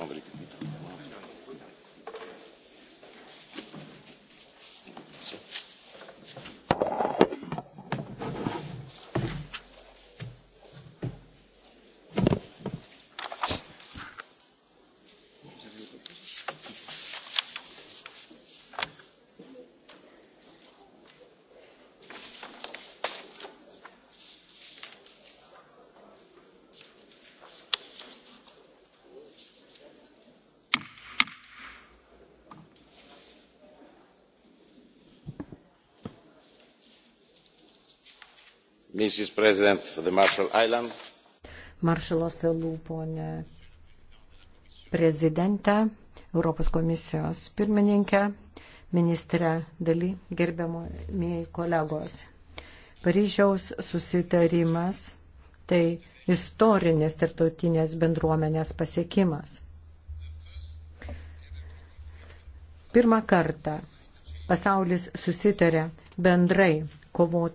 Andrei. Mrs. President of the Marshall Island. Maršalo salų ponė prezidentę, Europos komisijos pirmininkę, ministrę daly, gerbiamieji kolegos. Paryžiaus susitarimas tai istorinės tarptautinės bendruomenės pasiekimas. Pirmą kartą pasaulis susitarė bendrai kovoti.